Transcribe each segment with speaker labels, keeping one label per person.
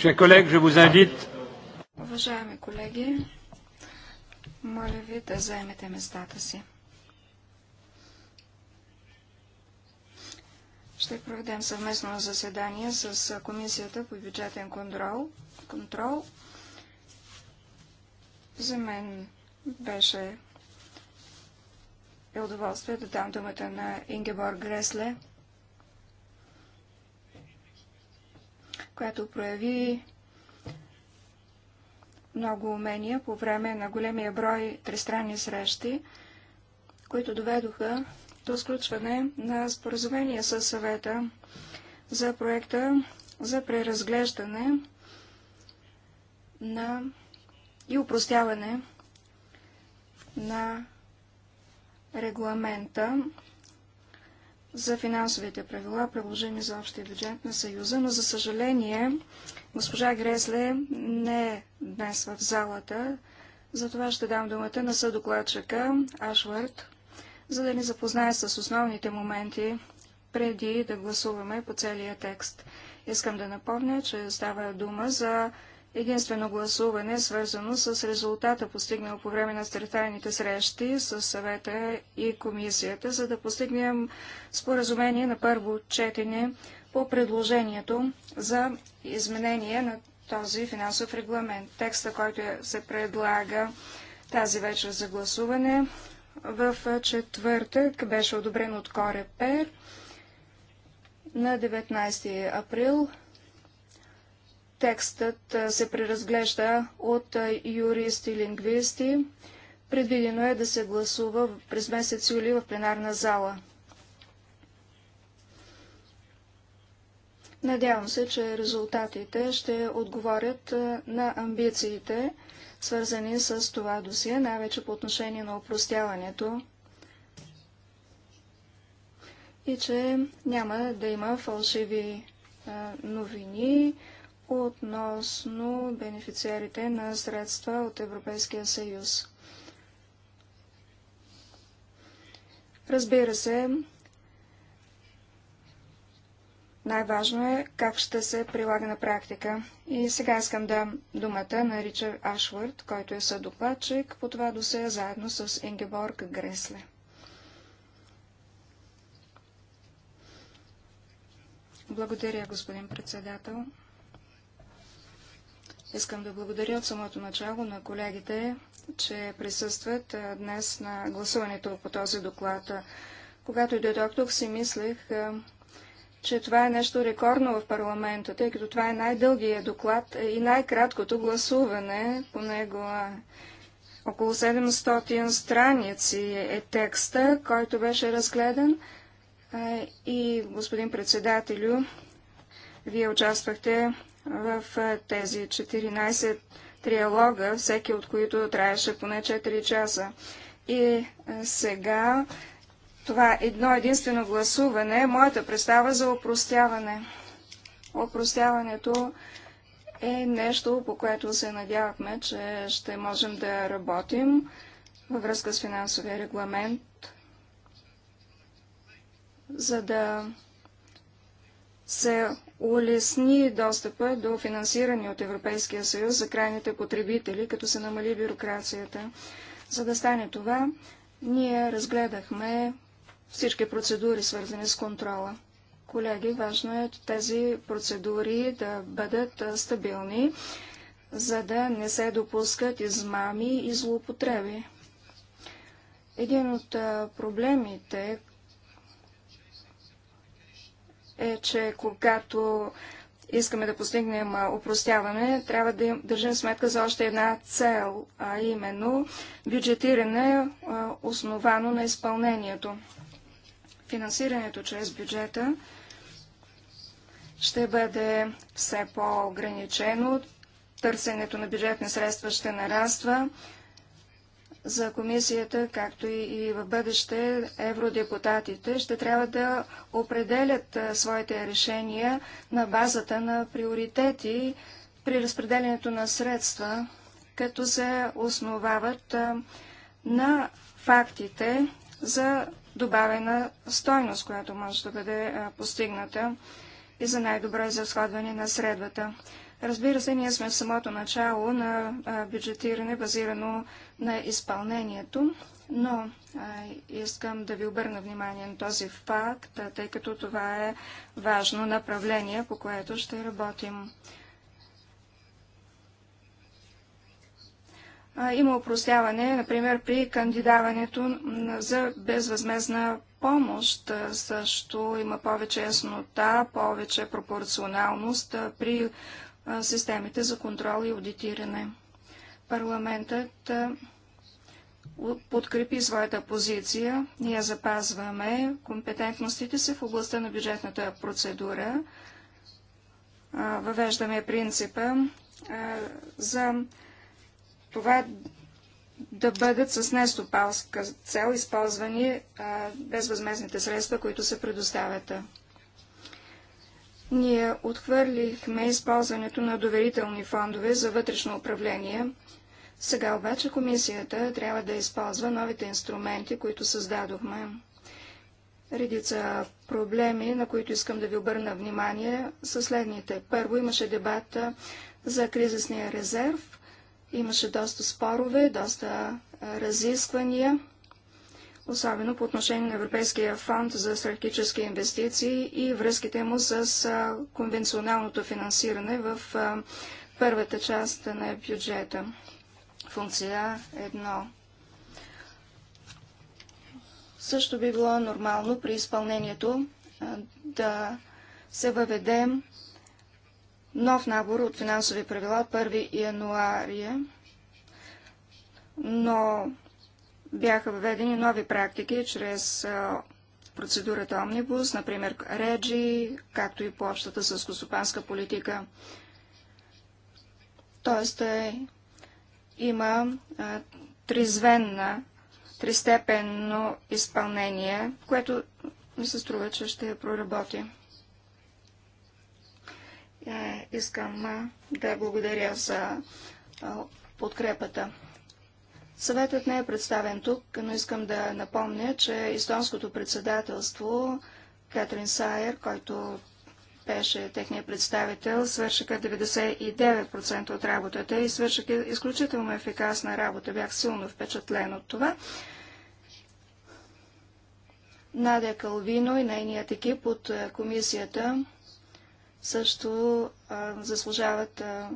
Speaker 1: Уважаеми колеги, моля ви да заемете местата си. Ще проведем съвместно заседание с Комисията по бюджетен контрол. контрол. За мен беше е удоволствие да дам думата на Ингеборг Гресле, която прояви много умения по време на големия брой тристранни срещи, които доведоха до сключване на споразумение със съвета за проекта за преразглеждане на и упростяване на регламента за финансовите правила, приложени за общия бюджет на Съюза, но за съжаление госпожа Гресле не е днес в залата. Затова ще дам думата на съдокладчика Ашвард, за да ни запознае с основните моменти преди да гласуваме по целия текст. Искам да напомня, че става дума за единствено гласуване, свързано с резултата, постигнал по време на стартайните срещи с съвета и комисията, за да постигнем споразумение на първо четене по предложението за изменение на този финансов регламент. Текста, който е- се предлага тази вечер за гласуване в четвъртък, беше одобрен от Корепер на 19 април Текстът се преразглежда от юристи и лингвисти. Предвидено е да се гласува през месец юли в пленарна зала. Надявам се, че резултатите ще отговорят на амбициите, свързани с това досие, най-вече по отношение на опростяването и че няма да има фалшиви новини, относно бенефициарите на средства от Европейския съюз. Разбира се, най-важно е как ще се прилага на практика. И сега искам да думата на Ричард Ашвард, който е съдокладчик по това досе заедно с Ингеборг Гресле. Благодаря, господин председател. Искам да благодаря от самото начало на колегите, че присъстват днес на гласуването по този доклад. Когато и е дойдох тук, си мислех, че това е нещо рекордно в парламента, тъй като това е най-дългия доклад и най-краткото гласуване по него. Около 700 страници е текста, който беше разгледан и господин председателю, вие участвахте в тези 14 триалога, всеки от които трябваше поне 4 часа. И сега това едно единствено гласуване е моята представа за опростяване. Опростяването е нещо, по което се надявахме, че ще можем да работим във връзка с финансовия регламент, за да се улесни достъпа до финансиране от Европейския съюз за крайните потребители, като се намали бюрокрацията. За да стане това, ние разгледахме всички процедури, свързани с контрола. Колеги, важно е тези процедури да бъдат стабилни, за да не се допускат измами и злоупотреби. Един от проблемите, е, че когато искаме да постигнем упростяване, трябва да държим сметка за още една цел, а именно бюджетиране, основано на изпълнението. Финансирането чрез бюджета ще бъде все по-ограничено, търсенето на бюджетни средства ще нараства, за комисията, както и в бъдеще евродепутатите, ще трябва да определят своите решения на базата на приоритети при разпределението на средства, като се основават на фактите за добавена стойност, която може да бъде постигната и за най-добро изразходване на средвата. Разбира се, ние сме в самото начало на бюджетиране, базирано на изпълнението, но искам да ви обърна внимание на този факт, тъй като това е важно направление, по което ще работим. Има упростяване, например, при кандидаването за безвъзмезна помощ. Също има повече яснота, повече пропорционалност при системите за контрол и аудитиране. Парламентът подкрепи своята позиция. Ние запазваме компетентностите си в областта на бюджетната процедура. Въвеждаме принципа за това да бъдат с нестопалска цел използвани безвъзмезните средства, които се предоставят. Ние отхвърлихме използването на доверителни фондове за вътрешно управление. Сега обаче комисията трябва да използва новите инструменти, които създадохме. Редица проблеми, на които искам да ви обърна внимание, са следните. Първо имаше дебат за кризисния резерв. Имаше доста спорове, доста разисквания особено по отношение на Европейския фонд за стратегически инвестиции и връзките му с конвенционалното финансиране в първата част на бюджета. Функция 1. Също би било нормално при изпълнението да се въведе нов набор от финансови правила от 1 януария, но бяха введени нови практики чрез процедурата Омнибус, например Реджи, както и по общата съскостопанска политика. Тоест е, има е, тризвенна, тристепенно изпълнение, което ми се струва, че ще проработи. Е, искам да благодаря за подкрепата. Съветът не е представен тук, но искам да напомня, че естонското председателство Катрин Сайер, който беше техният представител, свършиха 99% от работата и свършиха изключително ефикасна работа. Бях силно впечатлен от това. Надя Калвино и нейният екип от е, комисията също а, заслужават а,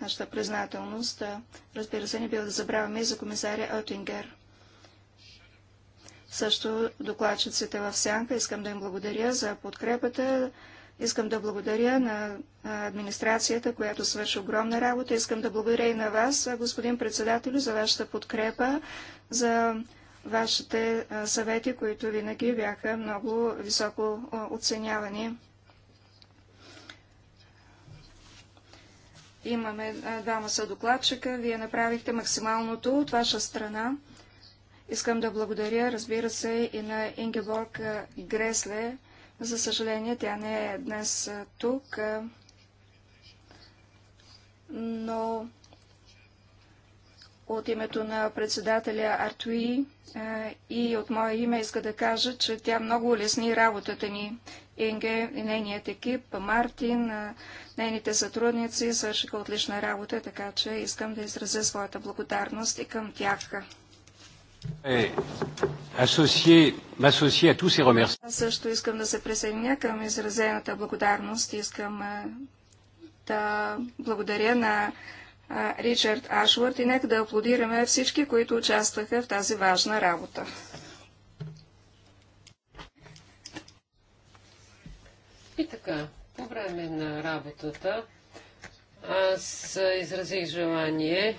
Speaker 1: нашата признателност. Разбира се, не бива да забравяме и за комисаря Отингер. Също докладчиците в Сянка искам да им благодаря за подкрепата. Искам да благодаря на администрацията, която свърши огромна работа. Искам да благодаря и на вас, господин председател, за вашата подкрепа, за вашите съвети, които винаги бяха много високо оценявани. Имаме двама съдокладчика. Вие направихте максималното от ваша страна. Искам да благодаря, разбира се, и на Ингеборг Гресле. За съжаление, тя не е днес тук, но от името на председателя Артуи е, и от мое име иска да кажа, че тя много улесни работата ни. Инге и нейният екип, Мартин, е, нейните сътрудници свършиха отлична работа, така че искам да изразя своята благодарност и към тях.
Speaker 2: Е, Аз
Speaker 1: също искам да се присъединя към изразената благодарност. Искам да благодаря на Ричард Ашвард и нека да аплодираме всички, които участваха в тази важна работа. И
Speaker 2: така, по време на работата аз изразих желание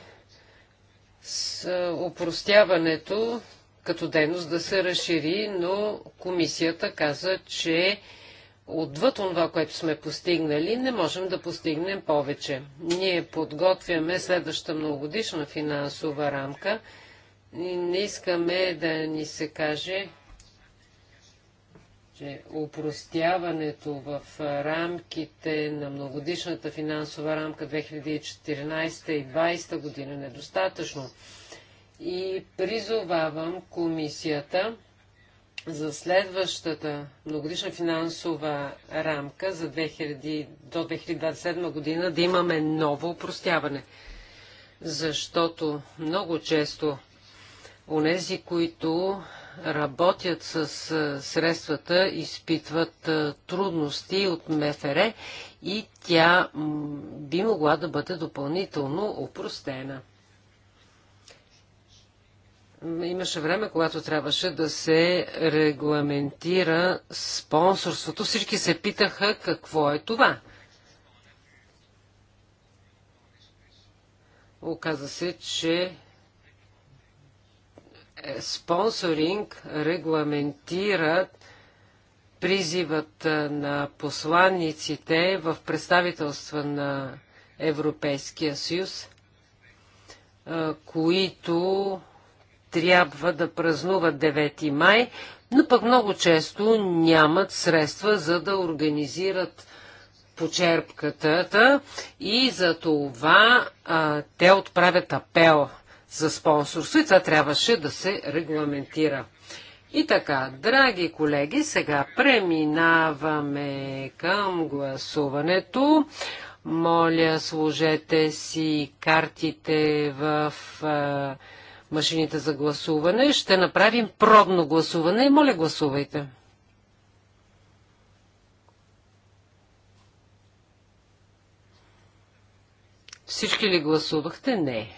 Speaker 2: с упростяването като дейност да се разшири, но комисията каза, че отвъд това, което сме постигнали, не можем да постигнем повече. Ние подготвяме следваща многогодишна финансова рамка и не искаме да ни се каже, че упростяването в рамките на многодишната финансова рамка 2014 и 2020 година е недостатъчно. И призовавам комисията за следващата многодишна финансова рамка за 2000, до 2027 година да имаме ново упростяване. Защото много често онези, които работят с средствата, изпитват трудности от МФР и тя би могла да бъде допълнително упростена. Имаше време, когато трябваше да се регламентира спонсорството. Всички се питаха какво е това. Оказа се, че е, спонсоринг регламентира призивата на посланниците в представителства на Европейския съюз, които трябва да празнуват 9 май, но пък много често нямат средства за да организират почерпката и за това а, те отправят апел за спонсорство и това трябваше да се регламентира. И така, драги колеги, сега преминаваме към гласуването. Моля, служете си картите в а, машините за гласуване. Ще направим пробно гласуване. Моля, гласувайте. Всички ли гласувахте? Не.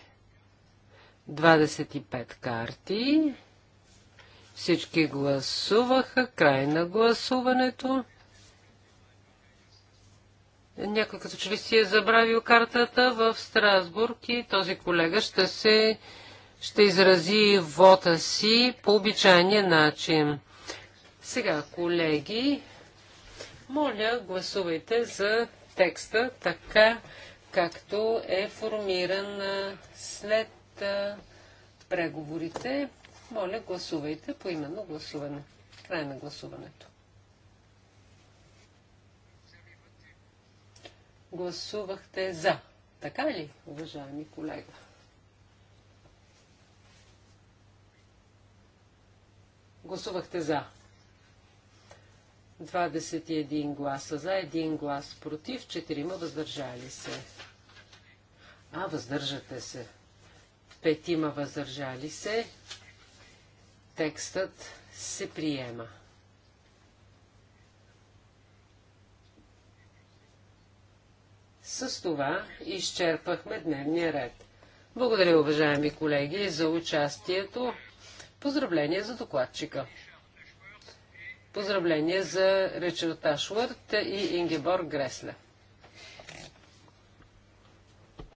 Speaker 2: 25 карти. Всички гласуваха. Край на гласуването. Някой като че ли си е забравил картата в Страсбург и този колега ще се ще изрази вота си по обичайния начин. Сега, колеги, моля, гласувайте за текста така, както е формиран след преговорите. Моля, гласувайте по именно гласуване. Край на гласуването. Гласувахте за. Така ли, уважаеми колега? гласувахте за. 21 гласа за, 1 глас против, 4 въздържали се. А, въздържате се. Петима въздържали се. Текстът се приема. С това изчерпахме дневния ред. Благодаря, уважаеми колеги, за участието. Поздравление за докладчика. Поздравление за Ричард Ашвард и Ингеборг Гресле.